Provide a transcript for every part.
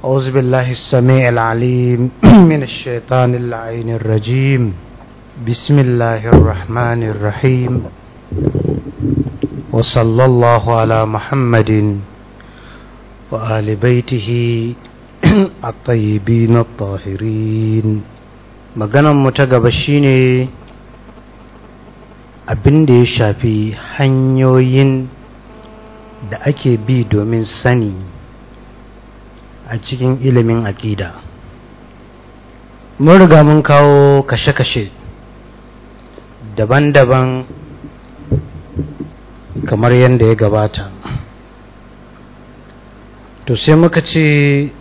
أعوذ بالله السميع العليم من الشيطان اللعين الرجيم بسم الله الرحمن الرحيم وصلى الله على محمد وآل بيته الطيبين الطاهرين maganan mu ta gaba shine abin da ya shafi hanyoyin da ake bi domin sani a cikin ilimin aƙida mun riga mun kawo kashe-kashe daban-daban kamar yadda ya gabata to sai muka ce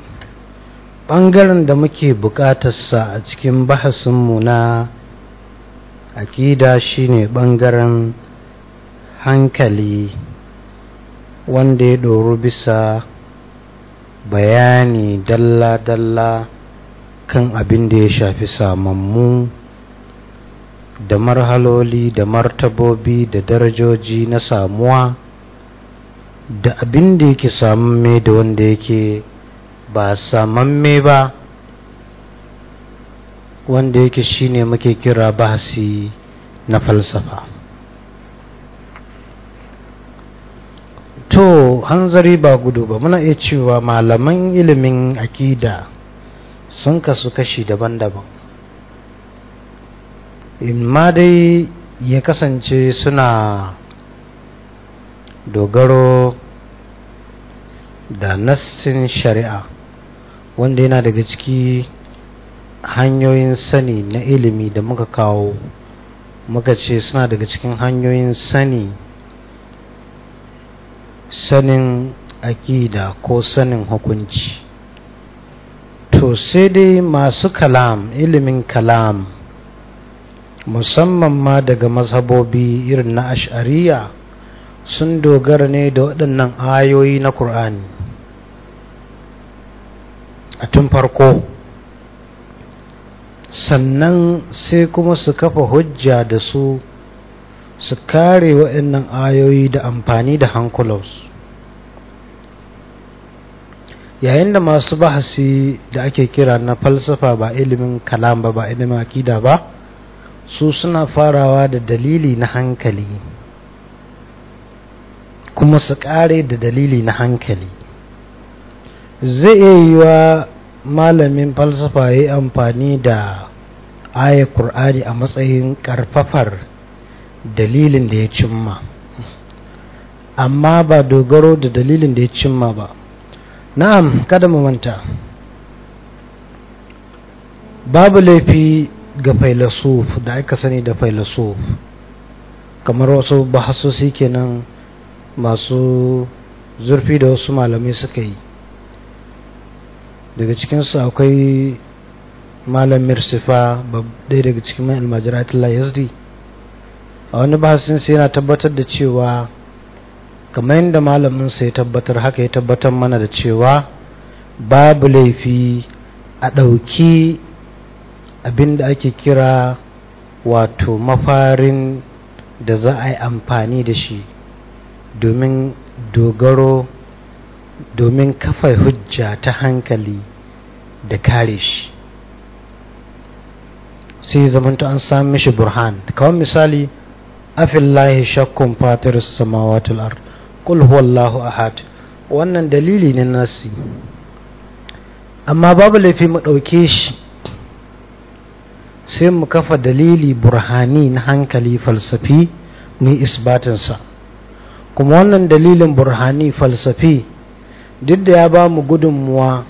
ɓangaren da muke buƙatarsa a cikin bahasinmu na aƙida shine ɓangaren hankali wanda ya ɗoru bisa bayani dalla-dalla kan abin da ya shafi samammu da marhaloli da martabobi da darajoji na samuwa da abin da yake samamme da wanda yake ba samamme ba wanda yake shine muke kira bahasi na falsafa to hanzari ba gudu ba muna iya cewa malaman ilimin akida sun kasu kashi daban-daban ma dai ya kasance suna dogaro da nassin shari'a wanda yana daga ciki hanyoyin sani na ilimi da muka kawo muka ce suna daga cikin hanyoyin sani sanin aƙida ko sanin hukunci to sai dai masu kalam ilimin kalam musamman ma daga mazhabobi irin na ash'ariya sun dogara ne da waɗannan ayoyi na ƙur'ani a tun farko sannan sai kuma su kafa hujja da su su kare waɗannan ayoyi da amfani da hankulos yayin da masu bahasi da ake kira na falsafa ba ilimin kalam ba ba ilimin akida ba su suna farawa da dalili na hankali kuma su kare da dalili na hankali zai iya yi wa malamin falsafa ya yi amfani da ayar kur'ani a matsayin ƙarfafar. dalilin da ya cimma amma ba dogaro da dalilin da ya cimma ba na'am kada mu manta babu laifi ga failasuf da aka sani da failasuf kamar wasu bahasosi kenan masu zurfi da wasu malamai suka yi daga cikinsu akwai malam mirsifa ɗaya daga cikin mai almajiratun yazdi a wani bahasin sai yana tabbatar da cewa kamar yadda malaminsa ya tabbatar haka ya tabbatar mana da cewa babu laifi a ɗauki abin da ake kira wato mafarin da za a yi amfani da shi domin dogaro domin kafa hujja ta hankali da kare shi sai zamanta an sami shi burhan kawai misali lahi shakkun fatir samawatul ar kul huwallahu ahad wannan dalili ne nasi amma babu laifi mu ɗauke shi sai mu kafa dalili burhani na hankali falsafi mu isbatinsa kuma wannan dalilin burhani falsafi duk da ya ba mu gudunmuwa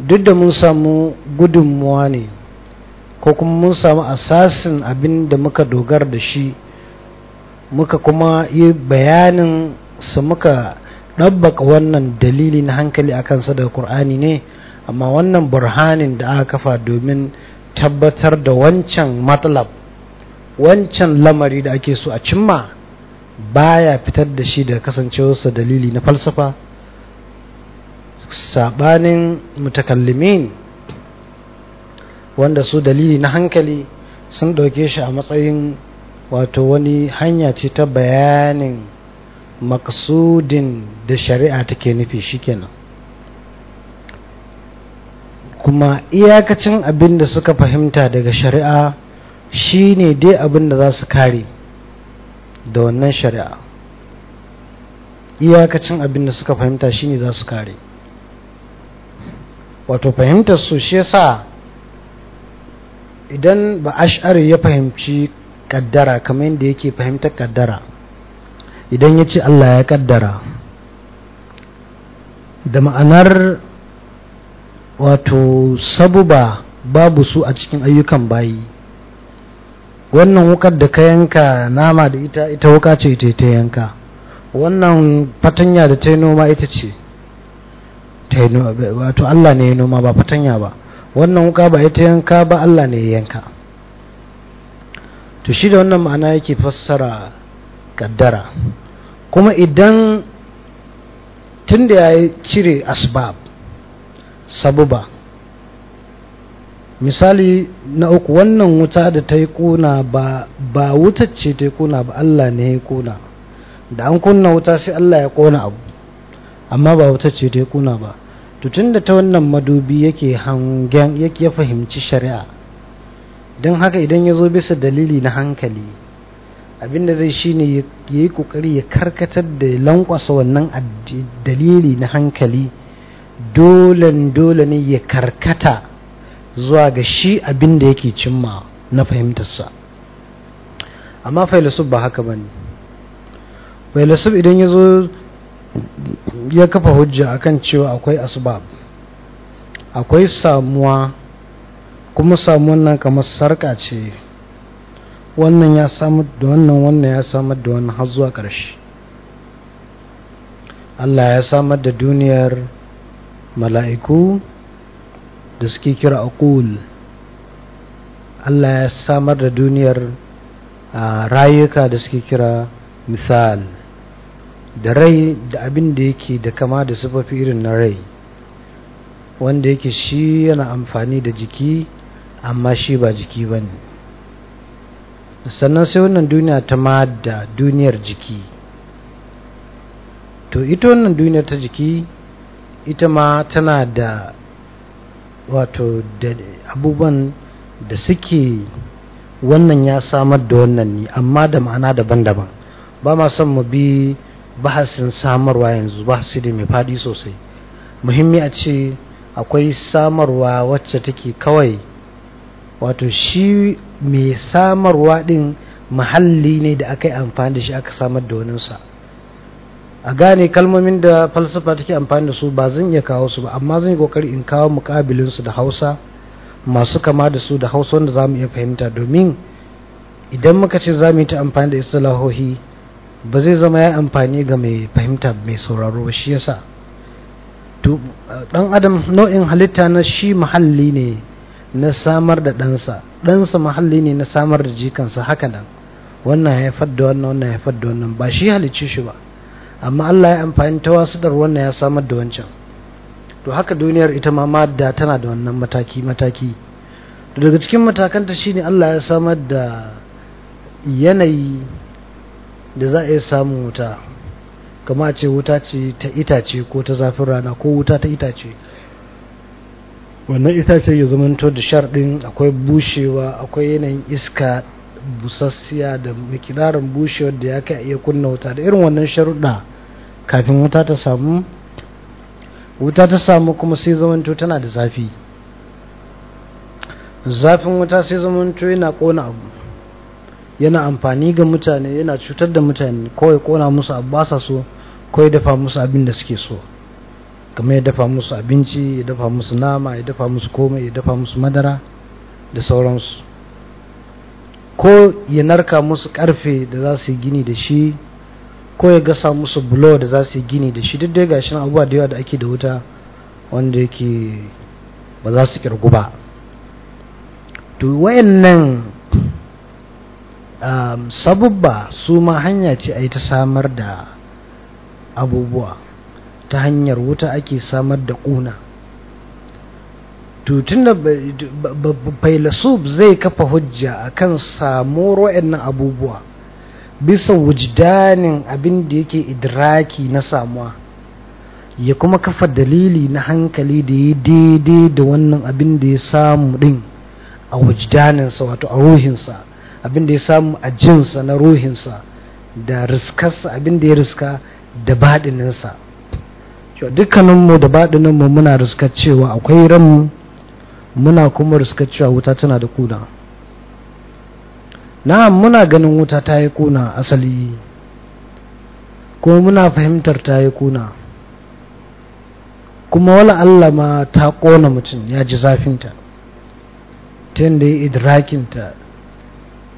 duk da mun samu gudunmuwa ne ko kuma mun samu asasin abin da muka dogara da shi muka kuma yi bayanin su muka ɗabbaka wannan dalili na hankali a kansa da ƙur'ani ne amma wannan burhanin da aka kafa domin tabbatar da wancan matlab wancan lamari da ake so a cimma baya fitar da shi da kasancewarsa dalili na falsafa saɓanin mutakallimin wanda su dalili na hankali sun ɗauke shi a matsayin wato wani hanya ce ta bayanin maksudin da shari'a take nufi shikenan kuma iyakacin abin da suka fahimta daga shari'a shine dai abin da za su kare da wannan shari'a iyakacin abin da suka fahimta shine za su kare wato fahimtar su shi yasa idan ba ash'ari ya fahimci kaddara kamar yadda yake fahimtar kaddara idan ya ce Allah ya kaddara da ma'anar wato sabuba babu su a cikin ayyukan bayi wannan wukar da ka yanka nama da ita ita wuka ce ita ta yanka wannan fatanya da ta yi noma ita ce wato Allah ne ya noma ba fatanya ba wannan wuka ba ita yanka ba Allah ne yanka to shi da wannan ma'ana yake fassara kaddara kuma idan tunda ya cire asbab sabuba misali na uku wannan wuta da ta yi kuna ba, ba wutar ce ta yi kuna ba Allah ne ya kuna da an kunna wuta sai Allah ya kona abu amma ba wutar ce ta yi kuna ba tun da ta wannan madubi yake hangen yake ya fahimci shari'a don haka idan ya zo bisa dalili na hankali abinda zai shine ya yi kokari ya karkatar da lankwasa wannan dalili na hankali dolen dole ne ya karkata zuwa ga shi abinda yake cimma na fahimtarsa amma failasuf ba haka ba ne idan ya zo ya kafa hujja akan cewa akwai asbab akwai samuwa kuma samuwan nan kamar sarka ce wannan ya samar da wannan wannan ya samar da wannan har zuwa ƙarshe Allah ya samar da duniyar mala'iku da suke kira aqul Allah ya samar da duniyar ah, rayuka da suke kira misali da rai da abin da yake da kama da sufafi irin na rai wanda yake shi yana amfani da jiki amma shi ba jiki ba ne sannan sai wannan duniya ta da duniyar jiki to ita wannan duniyar ta jiki ita ma tana da wato da abubuwan da suke wannan ya samar da wannan ne amma da ma'ana daban-daban ba ma son mu bi bahasin samarwa yanzu bahasi da mai faɗi sosai muhimmi a ce akwai samarwa wacce take kawai wato shi mai samarwa din mahalli ne da aka yi amfani da shi aka samar da waninsa a gane kalmomin da falsafa take amfani da su ba zan iya kawo su ba amma zan yi kokari in kawo mukabilinsu da hausa masu kama da su da hausa wanda za mu iya fahimta domin idan muka ce za mu yi ta amfani da istilahohi ba zai zama ya amfani ga mai fahimta mai sauraro ba shi yasa dan adam nau'in halitta na shi muhalli ne na samar da ɗansa ɗansa muhalli ne na samar da jikansa haka nan wannan ya haifar da wannan wannan ya haifar da wannan ba shi halicci shi ba amma Allah ya amfani ta wasu dar wannan ya samar da wancan to haka duniyar ita ma madda tana da wannan mataki mataki to daga cikin matakanta shine Allah ya samar da yanayi da za a iya samun wuta kama ce wuta ce ta itace ko ta zafin rana ko wuta ta itace wannan itace ya to da sharɗin akwai bushewa akwai yanayin iska busassiya da makidarin bushewar da ya kai iya kunna wuta da irin wannan sharuɗa kafin wuta ta samu wuta ta samu kuma sai zamanto tana da zafi zafin wuta sai zamanto yana kona abu yana amfani ga mutane yana cutar da mutane ko kona musu abbasa so ko ya dafa musu abin da suke so kamar ya dafa musu abinci ya dafa musu nama ya dafa musu komai ya dafa musu madara da sauransu ko ya narka musu karfe da za su yi gini da shi ko ya gasa musu bulo da za su yi gini da shi duk ga gashin abubuwa da yawa da ake da wuta wanda yake ba za su kirgu ba to wayannan um, sabubba su ma hanya ce a yi ta samar da abubuwa ta hanyar wuta ake samar da ƙuna tutun da failasuf zai kafa hujja akan samuwar wa'annan abubuwa bisa wujdanin abin da yake idraki na samuwa ya kuma kafa dalili na hankali da ya daidai da wannan abin da ya samu din a wujdaninsa wato a ruhinsa abin da ya samu a jinsa na ruhinsa da riskarsa abin da ya riska da baɗininsa dukkaninmu da baɗininmu muna riskar cewa akwai ranmu muna kuma riskar cewa wuta tana da kuna na muna ganin wuta ta yi kuna asali kuma muna fahimtar ta yi kuna kuma wala Allah ma ta ƙona mutum ya ji zafinta ta yadda ya idrakinta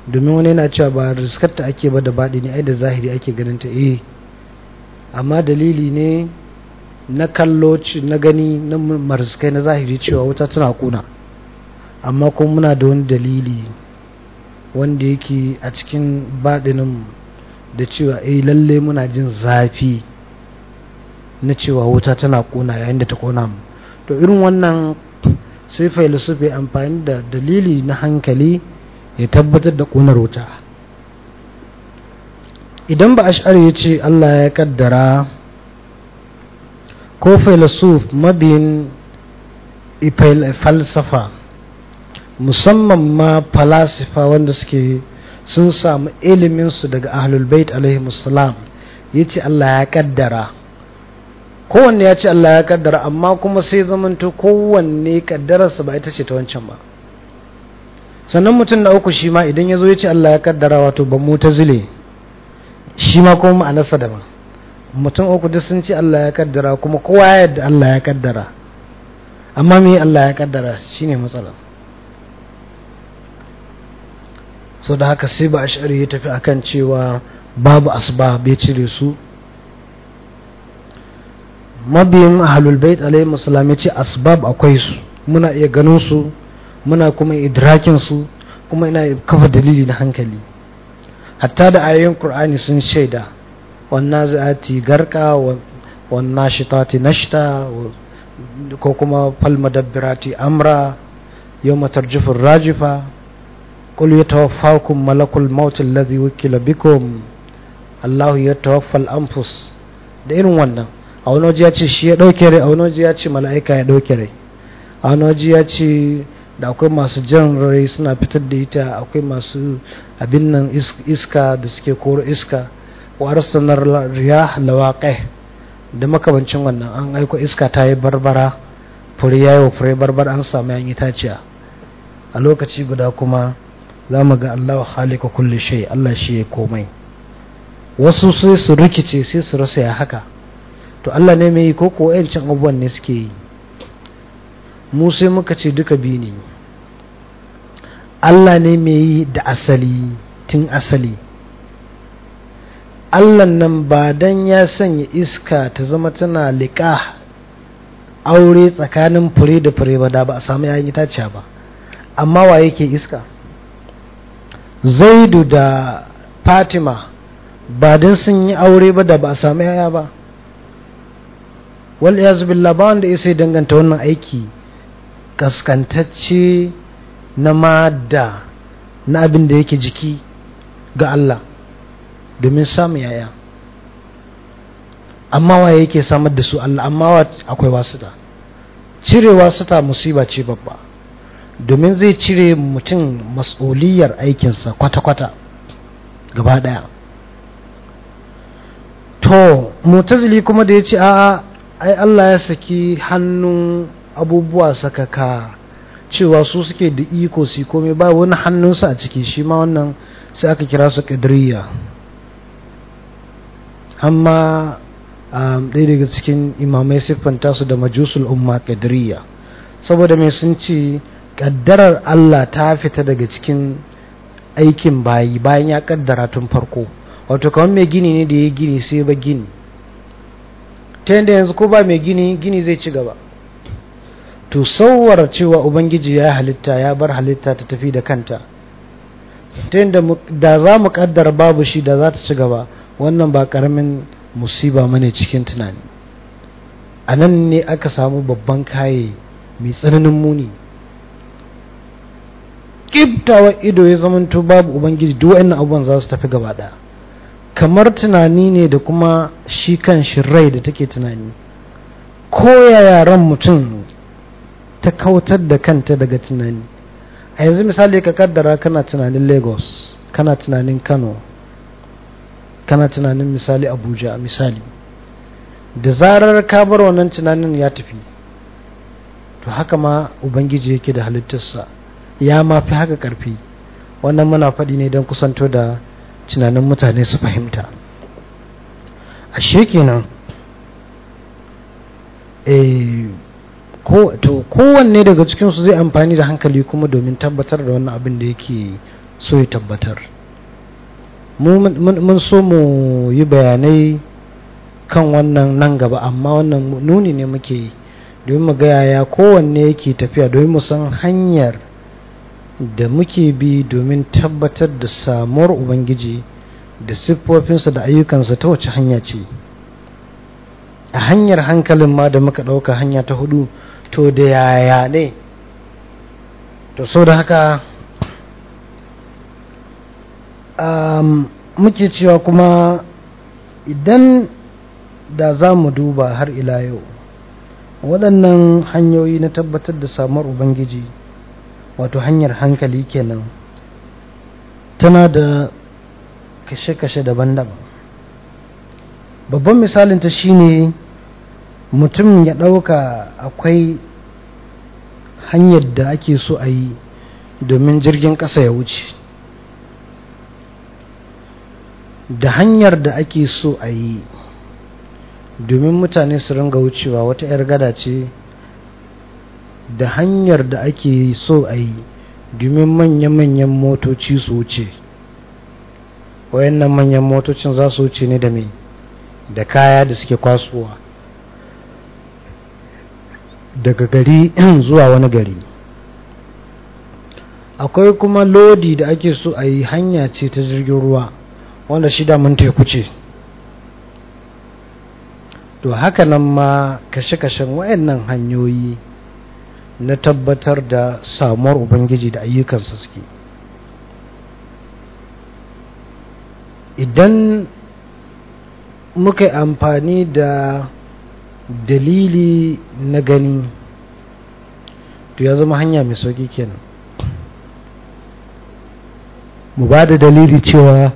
domin wani yana cewa ba riskarta ake ba da baɗi ne ai da zahiri ake ganin ta eh amma dalili ne na kallo na gani na mariskai na zahiri cewa wuta tana kuna amma kuma muna da wani dalili wanda yake a cikin baɗinin da cewa eh lalle muna jin zafi na cewa wuta tana kuna yayin da ta kona mu to irin wannan sai failusufi amfani da dalili na hankali ya tabbatar da ƙunar wuta idan ba ash'ari ya ce Allah ya kaddara ko filosof mabiyin falsafa musamman ma falasifa wanda suke sun samu iliminsu daga ahlul bait alaihi ya ce Allah ya kaddara kowanne ya ce Allah ya kaddara amma kuma sai zamanta kowanne kaddararsa ba ita ce ta wancan ba sannan mutum na uku shi ma idan ya zo ya ce Allah ya kaddara wato ba mu ta zile shi ma kuma ma'anarsa daban mutum uku duk sun ce Allah ya kaddara kuma kowa ya yadda Allah ya kaddara amma me Allah ya kaddara shi ne matsala so da haka sai ba a shari'a ya tafi akan cewa babu asba bai cire su mabiyin ahlul bait alaihi musallam ya ce asbab akwai su muna iya ganin su muna kuma idrakin su kuma ina kafa dalili na hankali hatta da ayoyin qur'ani sun shaida wannan zati garka wannan shitati nashta ko kuma falmadabbirati amra yawma tarjifu rajifa qul yatawaffakum malakul maut alladhi wukila bikum allah yatawaffal anfus da irin wannan a wani waje ya ce shi ya ɗauke rai a wani waje ya ce mala'ika ya ɗauke rai a wani waje ya ce da akwai masu jan rai suna fitar da ita akwai masu abin nan iska da suke koro iska wa sanar riyah da makabancin wannan an aiko iska ta yi barbara fure yayi wa fure barbara an samu yan itaciya a lokaci guda kuma za mu ga Allah halika kulli shay Allah shi ya komai wasu sai su rikice sai su rasa ya haka to Allah ne mai yi ko ko abubuwan ne suke yi mu muka ce duka biyu ne Allah ne mai yi da asali tun asali Allah nan ba dan ya sanya iska ta zama tana liƙa aure tsakanin fure da fure ba da ba a samu yayin itaciya ba amma wa yake iska zaidu da fatima ba don sun yi aure ba da ba a samu yaya ba wal billah ba wanda ya sai danganta wannan aiki Gaskantacce na madda na abin da yake jiki ga Allah domin samun yaya amma waye yake samar da su Allah amma akwai wasuta cire wasuta musiba ce babba domin zai cire mutum mas'uliyar aikinsa kwata-kwata gaba daya to mutazili kuma da ya ce a ai Allah ya saki hannun abubuwa sakaka cewa su suke da iko su komai ba wani hannun hannunsa a ciki shi ma wannan sai aka kira su kadriya amma um, ɗaya daga cikin imamai siffanta su da majusul umma kadriya saboda mai sun ce ƙaddarar allah ta fita daga cikin aikin bayi bayan ya ƙaddara tun farko wato kamar mai gini ne da ya gini sai ba gini ta yanzu ko ba mai gini gini zai ci gaba to sauwar cewa ubangiji ya halitta ya bar halitta ta tafi da kanta ta yadda da za mu kaddara babu shi da za ta ci gaba wannan ba karamin musiba mane cikin tunani a nan ne aka samu babban kaye mai tsananin muni ƙibtawa ido ya zamanto babu ubangiji duk wa'annan abubuwan za su tafi gaba ɗaya kamar tunani ne da kuma shi kan shi rai da take tunani Koya yaren mutum ta kautar da kanta daga tunani a yanzu misali ka kaddara kana tunanin lagos kana tunanin kano kana tunanin misali abuja misali da zarar ka bar wannan tunanin ya tafi to haka ma ubangiji yake da halittarsa ya ma haka karfi wannan muna faɗi ne don kusanto da tunanin mutane su fahimta ashe kenan eh to kowanne daga cikinsu zai amfani da hankali kuma domin tabbatar da wannan abin da yake so ya tabbatar mun so mu yi bayanai kan wannan nan gaba amma wannan nuni ne muke yi domin mu ga yaya kowanne yake tafiya domin mu san hanyar da muke bi domin tabbatar da samuwar ubangiji da siffofinsa da ayyukansa ta wace hanya ce a hanyar hankalin ma da muka ɗauka hanya ta hudu to da yaya ne to so da haka um, muke cewa kuma idan da za mu duba har ila yau waɗannan hanyoyi na tabbatar da samar ubangiji wato hanyar hankali kenan tana da kashe-kashe daban-daban babban misalinta shine mutum ya ɗauka akwai hanyar da ake so a yi domin jirgin ƙasa ya wuce da hanyar da ake so a yi domin mutane su ringa wucewa wata 'yar gada ce da hanyar da ake so a yi domin manya-manyan motoci su wuce wayannan manyan motocin za su wuce ne da mai da kaya da suke kwasuwa daga gari zuwa wani gari akwai kuma lodi da ake so a yi hanya ce ta jirgin ruwa wanda shida mun teku ce to haka nan ma kashe-kashen wayannan hanyoyi na tabbatar da samuwar ubangiji da ayyukansa suke idan muka yi amfani da dalili na gani to ya zama hanya mai sauki kenan mu ba da dalili cewa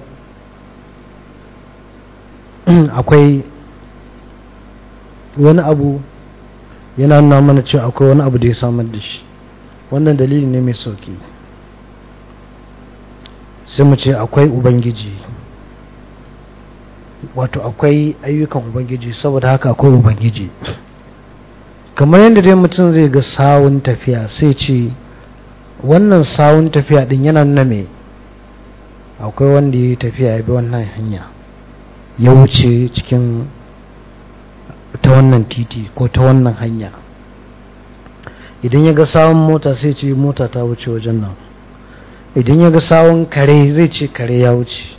akwai wani abu yana nuna mana cewa akwai wani abu da ya samar da shi wannan dalili ne mai sauki sai mu ce akwai ubangiji wato akwai ayyukan ubangiji saboda haka akwai ubangiji kamar yadda dai mutum zai ga sawun tafiya sai ce wannan sawun tafiya din yana nuna me akwai wanda ya yi tafiya ya bi wannan hanya ya wuce cikin ta wannan titi ko ta wannan hanya idan ya ga sawun mota sai ce mota ta wuce wajen nan idan ya ga sawun kare zai ce kare ya wuce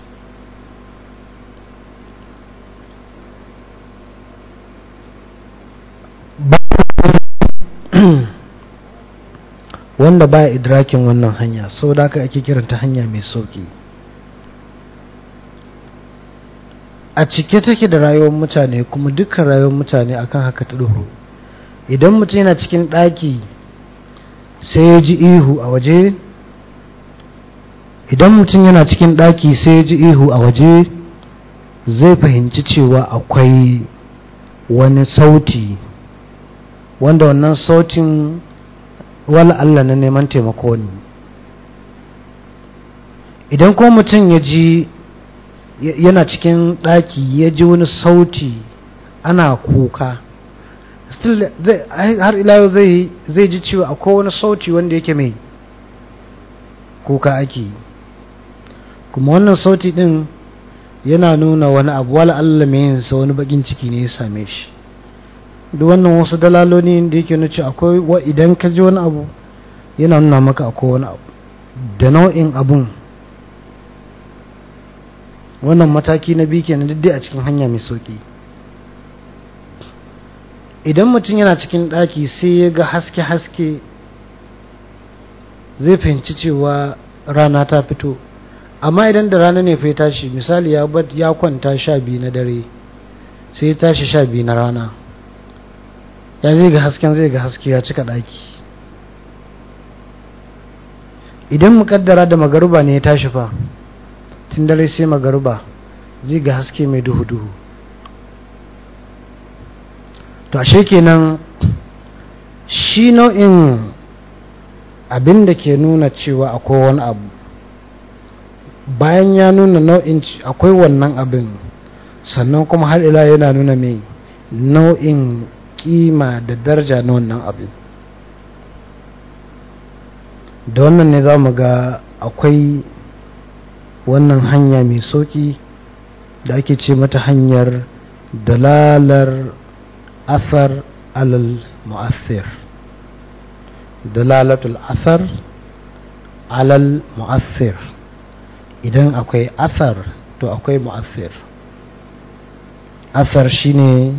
wanda ba idrakin wannan hanya da aka ake kiranta hanya mai sauki a cike take da rayuwar mutane kuma dukkan rayuwar mutane akan haka ta duhu idan mutum yana cikin ɗaki sai ya ji ihu a waje idan mutum yana cikin ɗaki sai ya ji ihu a waje zai fahimci cewa akwai wani sauti wanda wannan sautin wala Allah na neman taimako ne idan ko mutum ya ji yana cikin ɗaki ya ji wani sauti ana kuka still har ilayo zai ji cewa akwai wani sauti wanda yake mai kuka ake kuma wannan sauti ɗin yana nuna wani abu wala Allah mai yinsa wani bakin ciki ne ya same shi duk wannan wasu dalaloli da yake nuna akwai wa idan ka ji wani abu yana nuna maka akwai wani abu da nau'in abun wannan mataki na biyu na duk a cikin hanya mai sauki idan mutum yana cikin ɗaki sai ya ga haske-haske zai fahimci cewa rana ta fito amma idan da rana ne fai tashi misali ya kwanta sha biyu na dare sai ya tashi sha biyu na rana ya zai ga hasken zai ga haske ya cika daki idan mukaddara da magaruba ne ya tashi fa tun dare sai magaruba zai ga haske mai duhu-duhu to ashe kenan shi nau'in abin da ke nuna cewa akwai wani abu bayan ya nuna nau'in akwai wannan abin sannan kuma har ila yana nuna mai nau'in kima da daraja na wannan abin da wannan ne za mu ga akwai wannan hanya mai sauƙi da ake ce mata hanyar dalalar asar alal mu'assir dalalatul asar alal mu'asir idan akwai asar to akwai mu'asir asar shine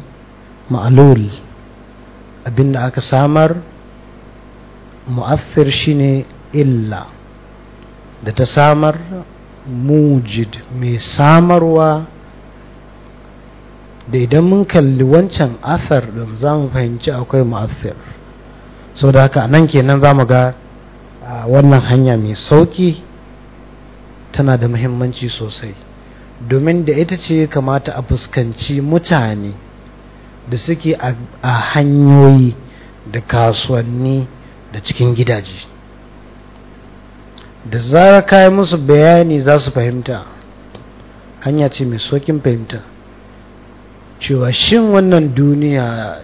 ma'alul Abin da aka samar mu'affir shi ne illa da ta samar mujid mai samarwa da idan mun kalli wancan athar din za mu fahimci akwai mu'affir so da haka nan kenan za mu ga wannan hanya mai sauki tana da muhimmanci sosai domin da ita ce kamata a fuskanci mutane da suke a hanyoyi da kasuwanni da cikin gidaje da zara kayi musu bayani za su fahimta hanya ce mai sokin fahimta cewa shin wannan duniya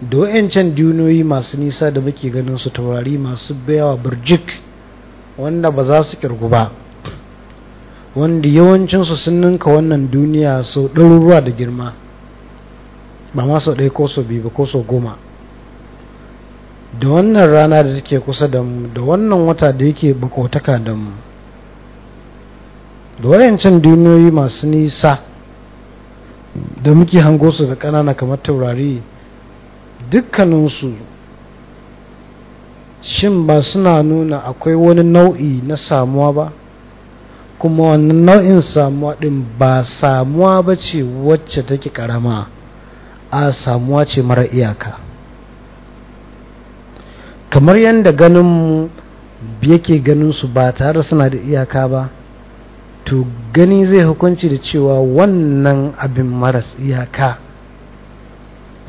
da wa'yancan duniyoyi masu nisa da muke ganin su taurari masu bayawa birjik wanda ba za su kirgu ba wanda yawancinsu sun ninka wannan duniya sau ɗaruruwa da girma ba ma sau ɗaya ko sau biyu ba ko sau goma da wannan rana da take kusa da mu da wannan wata da yake bakotaka da mu da wayancin duniyoyi masu nisa da muke hango su da ƙanana kamar taurari dukkaninsu shin ba suna nuna akwai wani nau'i na samuwa ba kuma wannan nau'in samuwa ɗin ba samuwa ba ce wacce take ƙarama a samuwa ce mara iyaka kamar yadda ganin yake ganin su ba tare suna da iyaka ba to gani zai hukunci da cewa wannan abin maras iyaka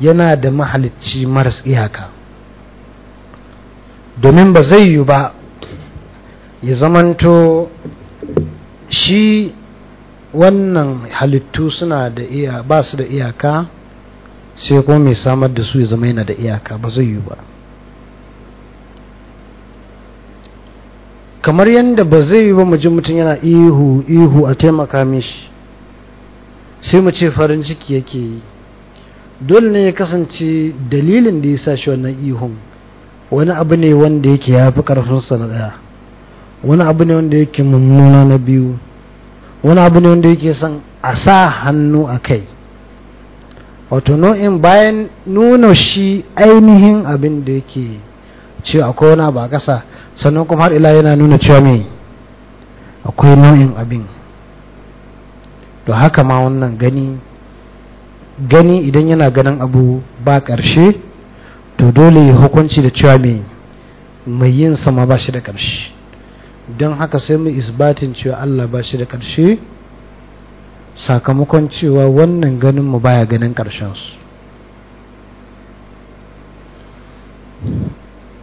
yana da mahalicci maras iyaka domin ba zai yi ba ya zamanto shi wannan halittu suna da iya ba su da iyaka sai kuma mai samar da su ya zama yana da iyaka ba zai yi ba kamar yadda ba zai yi ba mu ji mutum yana ihu ihu a taimaka mishi sai mu ce farin ciki yake yi dole ne ya kasance dalilin da ya sa shi wannan ihun wani abu ne wanda yake ya fi karfinsa na ɗaya wani abu ne wanda yake mummuna na biyu wani abu ne wanda yake son a sa hannu a kai wato nau'in bayan nuna shi ainihin abin da yake ce akwai wani abu a ƙasa sannan kuma har ila yana nuna cewa mai akwai nau'in abin to haka ma wannan gani gani idan yana ganin abu ba ƙarshe to dole hukunci da cewa mai mai yin sama ba shi da ƙarshe don haka sai mu isbatin cewa Allah ba shi da ƙarshe sakamakon cewa wannan ganin mu baya ganin ƙarshen su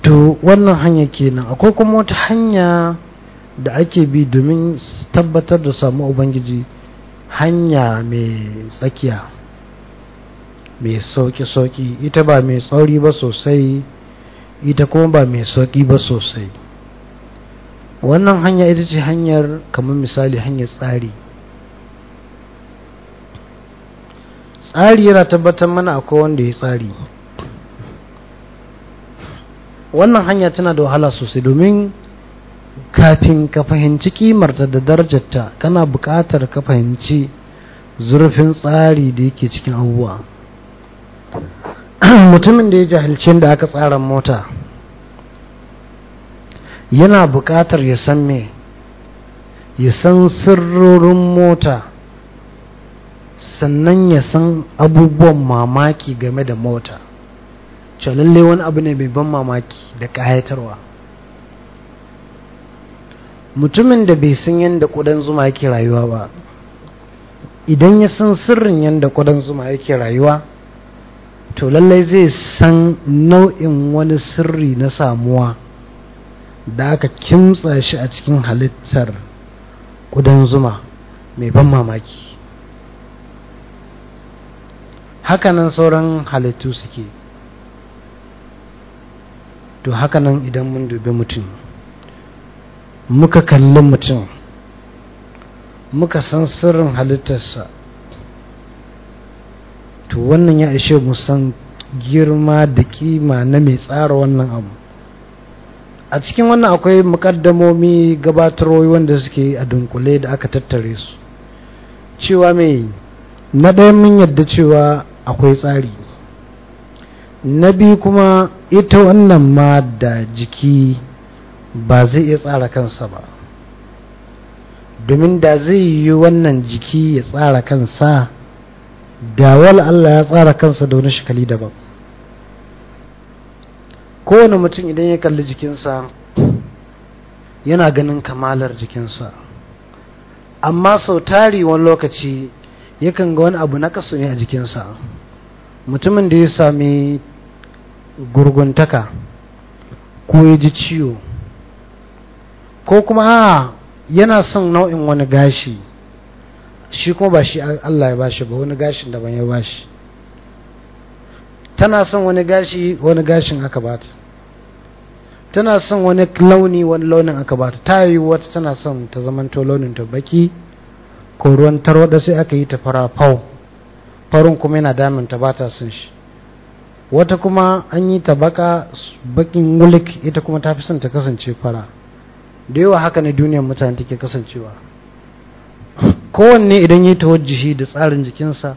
to wannan hanya kenan akwai kuma wata hanya da ake bi domin tabbatar da samu ubangiji hanya mai tsakiya mai sauƙi-sauƙi ita ba mai tsauri ba sosai ita kuma ba mai sauƙi ba sosai wannan hanya ita ce hanyar kamar misali hanyar tsari tsari yana tabbatar mana akwai wanda ya tsari wannan hanya tana da wahala sosai domin kafin ka fahimci kimarta da darajarta kana buƙatar ka fahimci zurfin tsari da yake cikin abubuwa mutumin da ya jahilci da aka tsara mota yana buƙatar ya san me ya san sirrorin mota sannan ya san abubuwan mamaki game da mota cewa wani abu ne mai ban mamaki da ƙayatarwa mutumin da bai san yadda ƙudan zuma yake rayuwa ba idan ya san sirrin yadda ƙudan zuma yake rayuwa to lallai zai san nau'in wani sirri na samuwa da aka kimtsa shi a cikin halittar ƙudan zuma mai ban mamaki hakanan sauran halittu suke to hakanan idan mun dubi mutum muka kalli mutum muka san sirrin halittarsa to wannan ya ishe mu san girma da kima na mai tsara wannan abu a cikin wannan akwai mukaddamomi gabatarwoyi wanda suke a dunkule da aka tattare su cewa mai na ɗaya mun yadda cewa akwai tsari na biyu kuma ita wannan ma da jiki ba zai iya tsara kansa ba domin da zai yi wannan jiki ya tsara kansa da wala Allah ya tsara kansa da wani shikali daban kowane mutum idan ya kalli jikinsa yana ganin kamalar jikinsa amma sau tari wani lokaci yakan ga wani abu na kaso ne a jikinsa mutumin da ya sami gurguntaka ko ya ji ciwo ko kuma a yana son nau'in wani gashi shi kuma ba shi Allah ya bashi ba wani gashin daban ya bashi tana son wani gashi wani gashin aka bata tana son wani launi wani launin aka bata ta yi wata tana son ta zamanto launin ta baki ko ruwan tarwada sai aka yi ta fara fawon farin kuma yana daminta ba ta son shi wata kuma an yi ta baka bakin wulik ita kuma ta fi son ta kasance fara da yawa haka ne duniyar mutane take kasancewa kowanne idan yi ta wajishi da tsarin jikinsa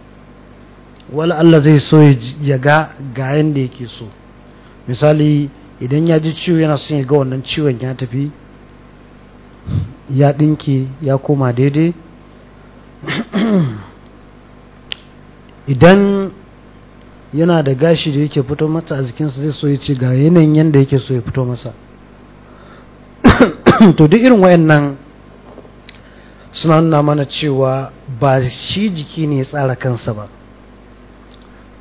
wala Allah zai so ya ga gayan da yake so misali idan ya ji ciwo yana son ya ga wannan ciwon ya tafi ya dinki ya koma daidai idan yana da gashi da yake fito mata a jikinsa zai so ya ce ga yanayin yadda yake so ya fito masa to duk irin wayannan suna nuna mana cewa ba shi jiki ne ya tsara kansa ba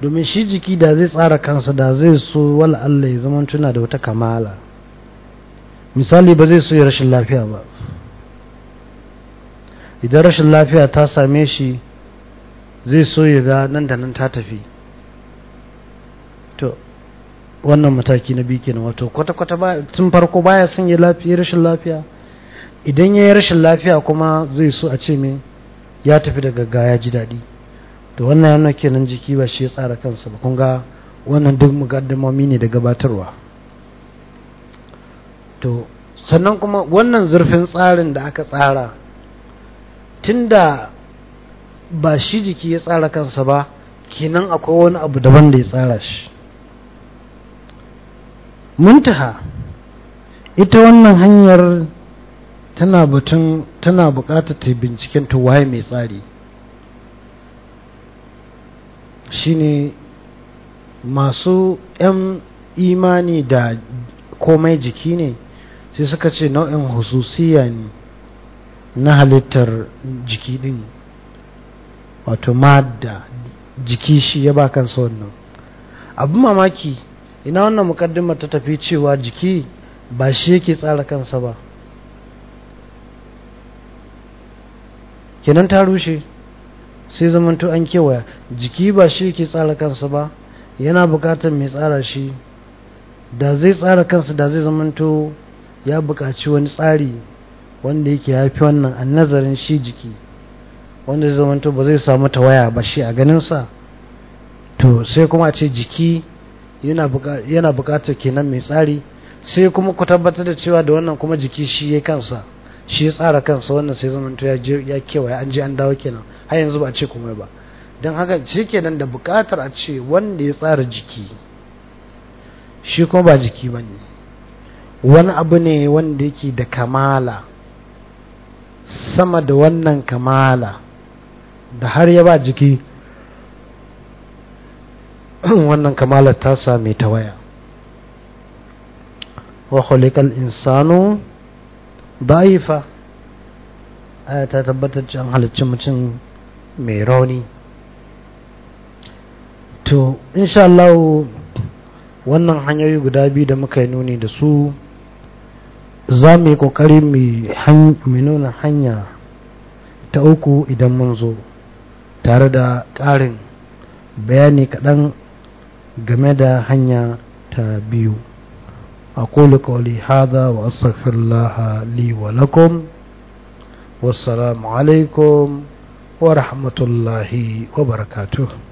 domin shi jiki da zai tsara kansa da zai so wala Allah ya zama tuna da wata kamala misali ba zai so ya rashin lafiya ba idan rashin lafiya ta same shi zai so ya ga nan da nan ta tafi to wannan mataki na biyu kenan wato kwata-kwata ba tun farko baya son ya lafiya rashin lafiya idan ya yi rashin lafiya kuma zai so a ce me ya tafi da gaggawa ya ji daɗi to wannan yana kenan jiki ba shi ya tsara kansa ba kun ga wannan duk mugaddamomi ne da gabatarwa to sannan kuma wannan zurfin tsarin da aka tsara tun da. ba shi jiki ya tsara kansa ba kenan akwai wani abu daban da ya tsara shi muntaha ita wannan hanyar tana batun tana bukatar ta binciken ta waye mai tsari shine masu 'yan imani da komai jiki ne sai suka ce nau'in hususiya na halittar jiki din wato madda jiki shi ya ba kansa wannan abin mamaki ina wannan mukaddimar ta tafi cewa jiki ba shi yake tsara kansa ba kenan ta rushe sai zamanto an kewaya jiki ba shi yake tsara kansa ba yana bukatar mai tsara shi da zai tsara kansa da zai zamanto ya bukaci wani tsari wanda yake haifi wannan a nazarin shi jiki wanda zai zamanto ba zai samu waya ba shi a ganinsa to sai kuma a ce jiki yana bukatar kenan mai tsari sai kuma ku tabbatar da cewa da wannan kuma jiki shi ya kansa shi ya tsara kansa wannan sai zamanto ya kewaye an je an dawo kenan har yanzu ba a ce komai ba don haka shi kenan da bukatar a ce wanda ya tsara jiki shi kuma ba jiki ba ne wani abu ne wanda yake da kamala sama da wannan kamala da har ya ba jiki wannan kamalar ta same ta waya wa khuliqal insanu da'ifa aya ta tabbatar an halicci mutum mai rauni to insha Allah wannan hanyoyi guda biyu da muka yi nuni da su za mu yi kokari mu nuna hanya ta uku idan mun zo tare da ƙarin bayani kaɗan game da hanya ta biyu a kawai hada wa astaghfirullah li wa lakum wassalamu alaikum wa rahmatullahi wa barakatuh